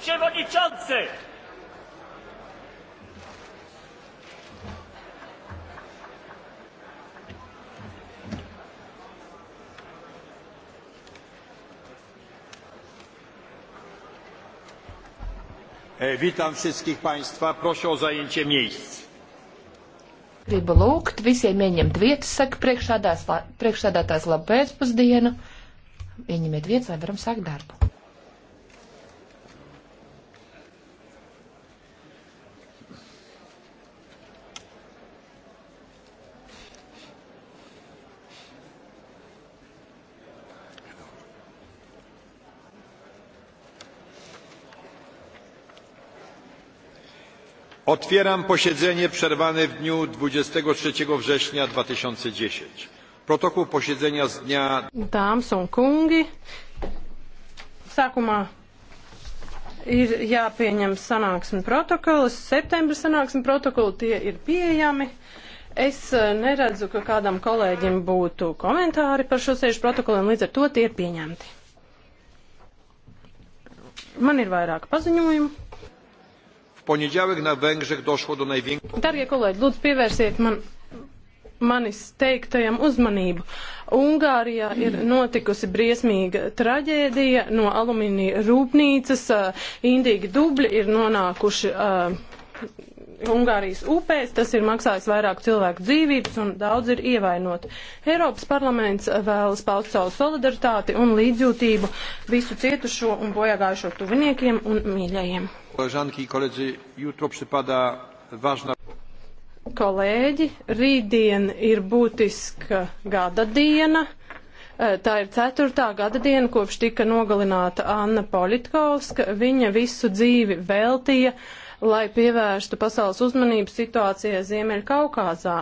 przewodniczący! E, witam wszystkich Państwa. Proszę o zajęcie miejsc. Gribu lūgt visiem ieņemt vietas, saka priekšsādātājs labu pēcpusdienu. Ieņemiet vietas, lai varam sākt darbu. Otwieram posiedzenie przerwane w dniu 23 września 2010. Protokół posiedzenia z dnia... Dāmas un kungi, sākumā ir jāpieņem sanāksmi protokolis, septembra sanāksmi protokoli, tie ir pieejami. Es e, neredzu, ka kādam kolēģim būtu komentāri par šo sēžu protokoliem, līdz ar to tie ir pieņemti. Man ir vairāk paziņojumu poniedziałek na Węgrzech došlo do największego. Darbie kolēģi, lūdzu pievērsiet man manis teiktajam uzmanību. Ungārijā ir notikusi briesmīga traģēdija no alumīnija rūpnīcas, indīgi dubļi ir nonākuši Ungārijas upēs, tas ir maksājis vairāk cilvēku dzīvības un daudz ir ievainoti. Eiropas parlaments vēlas paust savu solidaritāti un līdzjūtību visu cietušo un bojāgājušo tuviniekiem un mīļajiem. Koležanki, koledzi, jutro przypada važna. Kolēģi, rītdien ir būtiska gada diena. E, tā ir ceturtā gada diena, kopš tika nogalināta Anna Politkovska. Viņa visu dzīvi veltīja uh, lai pievērstu pasaules uzmanību situācijai Ziemeļkaukāzā.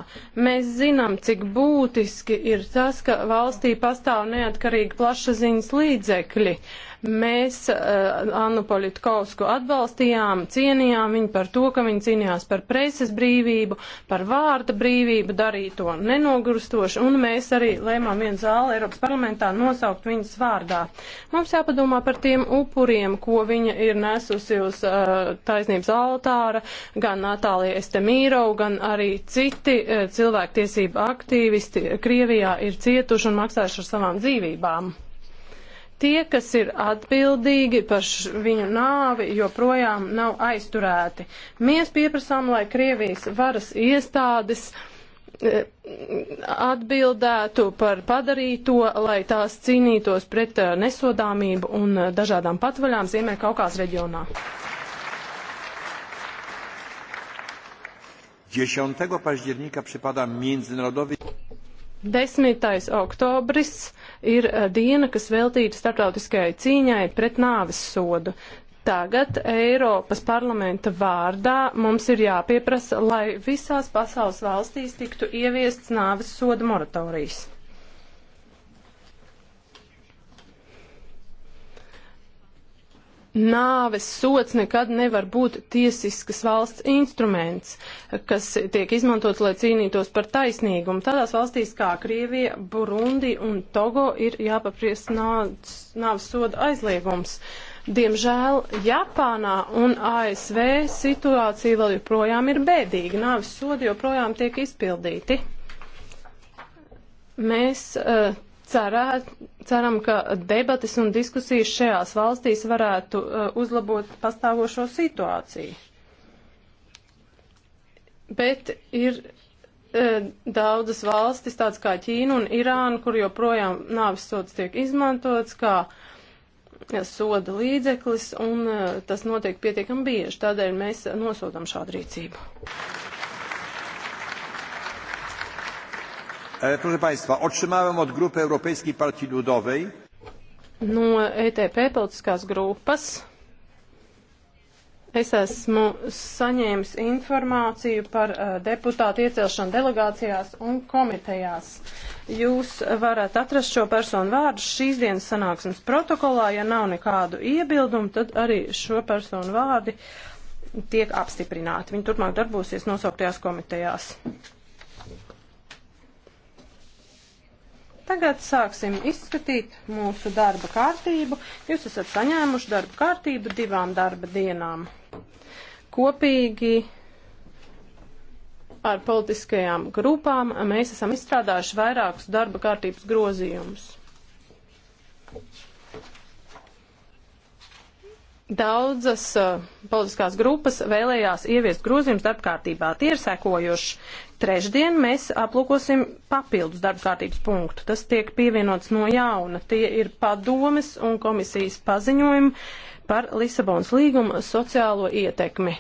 Mēs zinām, cik būtiski ir tas, ka valstī pastāv neatkarīgi plašsaziņas līdzekļi. Mēs uh, Annu Politkovsku atbalstījām, cienījām viņu par to, ka viņa cīnījās par preses brīvību, par vārda brīvību, darīja to nenogurstoši, un mēs arī lēmām vienu zāli Eiropas parlamentā nosaukt viņas vārdā. Mums jāpadomā par tiem upuriem, ko viņa ir nesusi uz uh, taisnības algu altāra, gan Natālija Estemīro, gan arī citi eh, cilvēktiesība aktīvisti Krievijā ir cietuši un maksājuši ar savām dzīvībām. Tie, kas ir atbildīgi par viņu nāvi, joprojām nav aizturēti. Mēs pieprasām, lai Krievijas varas iestādes eh, atbildētu par padarīto, lai tās cīnītos pret eh, nesodāmību un dažādām patvaļām Ziemeļkaukās reģionā. 10 października przypada międzynarodowy 10. oktobris ir e, diena, kas veltīta starptautiskajai cīņai pret nāves sodu. Tagad Eiropas parlamenta vārdā mums ir jāpieprasa, lai visās pasaules valstīs tiktu ieviests nāves soda moratorijas. Nāves sots nekad nevar būt tiesiskas valsts instruments, kas tiek izmantots, lai cīnītos par taisnīgumu. Tādās valstīs kā Krievija, Burundi un Togo ir jāpapriest nāves soda aizliegums. Diemžēl Japānā un ASV situācija vēl joprojām ir bēdīga. Nāves sodi joprojām tiek izpildīti. Mēs uh, cerē, ceram, ka debatas un diskusijas šajās valstīs varētu uh, uzlabot pastāvošo situāciju. Bet ir uh, daudzas valstis, tāds kā Ķīna un Irāna, kur joprojām nāvis sods tiek izmantots kā soda līdzeklis, un uh, tas notiek pietiekami bieži. Tādēļ mēs nosodam šādu rīcību. E, proszę Państwa, otrzymałem od Grupy Europejskiej Partii Ludowej no ETP politiskās grupas es esmu saņēmis informāciju par uh, deputātu iecelšanu delegācijās un komitejās. Jūs varat atrast šo personu vārdus šīs dienas sanāksmes protokolā. Ja nav nekādu iebildumu, tad arī šo personu vārdi tiek apstiprināti. Viņi turpmāk darbosies nosauktajās komitejās. Tagad sāksim izskatīt mūsu darba kārtību. Jūs esat saņēmuši darba kārtību divām darba dienām. Kopīgi ar politiskajām grupām mēs esam izstrādājuši vairākus darba kārtības grozījumus. Daudzas uh, politiskās grupas vēlējās ieviest grozījums darbkārtībā. Tie ir sekojoši. Trešdien mēs aplūkosim papildus darbkārtības punktu. Tas tiek pievienots no jauna. Tie ir padomes un komisijas paziņojumi par Lisabonas līguma sociālo ietekmi.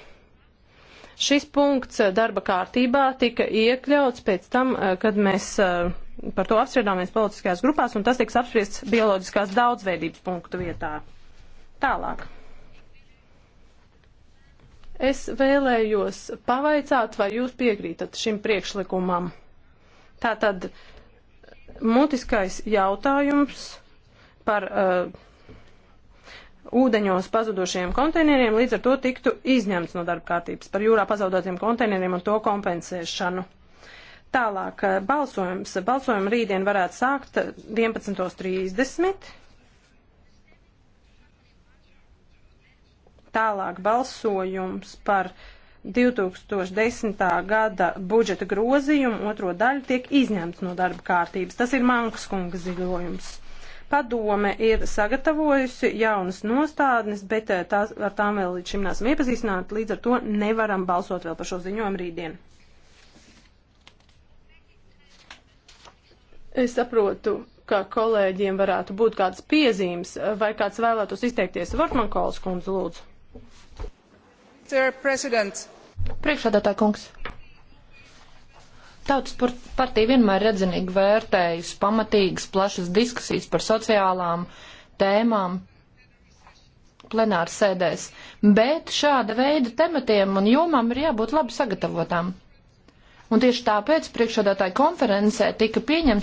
Šis punkts uh, darba kārtībā tika iekļauts pēc tam, uh, kad mēs uh, par to apspriedāmies politiskajās grupās, un tas tiks apspriests bioloģiskās daudzveidības punktu vietā. Tālāk. Es vēlējos pavaicāt, vai jūs piekrītat šim priekšlikumam. Tātad mutiskais jautājums par uh, ūdeņos pazudušiem konteineriem līdz ar to tiktu izņemts no darba kārtības par jūrā pazaudotiem konteineriem un to kompensēšanu. Tālāk uh, balsojums. Balsojumu rītdien varētu sākt 11.30. Uh, Tālāk balsojums par 2010. gada budžeta grozījumu otro daļu tiek izņemts no darba kārtības. Tas ir Mankas kunga ziņojums. Padome ir sagatavojusi jaunas nostādnes, bet eh, tās, ar tām vēl līdz šim nesam iepazīstināti, līdz ar to nevaram balsot vēl par šo ziņojumu rītdien. Es saprotu, ka kolēģiem varētu būt kādas piezīmes, vai kāds vēlētos izteikties. Vortmankols kundze, lūdzu. Priekšādātā kungs. Tautas partija vienmēr redzinīgi vērtējusi pamatīgas, plašas diskusijas par sociālām tēmām plenāru sēdēs, bet šāda veida tematiem un jomām ir jābūt labi sagatavotām. Un tieši tāpēc priekšādātāja konferencē tika pieņemts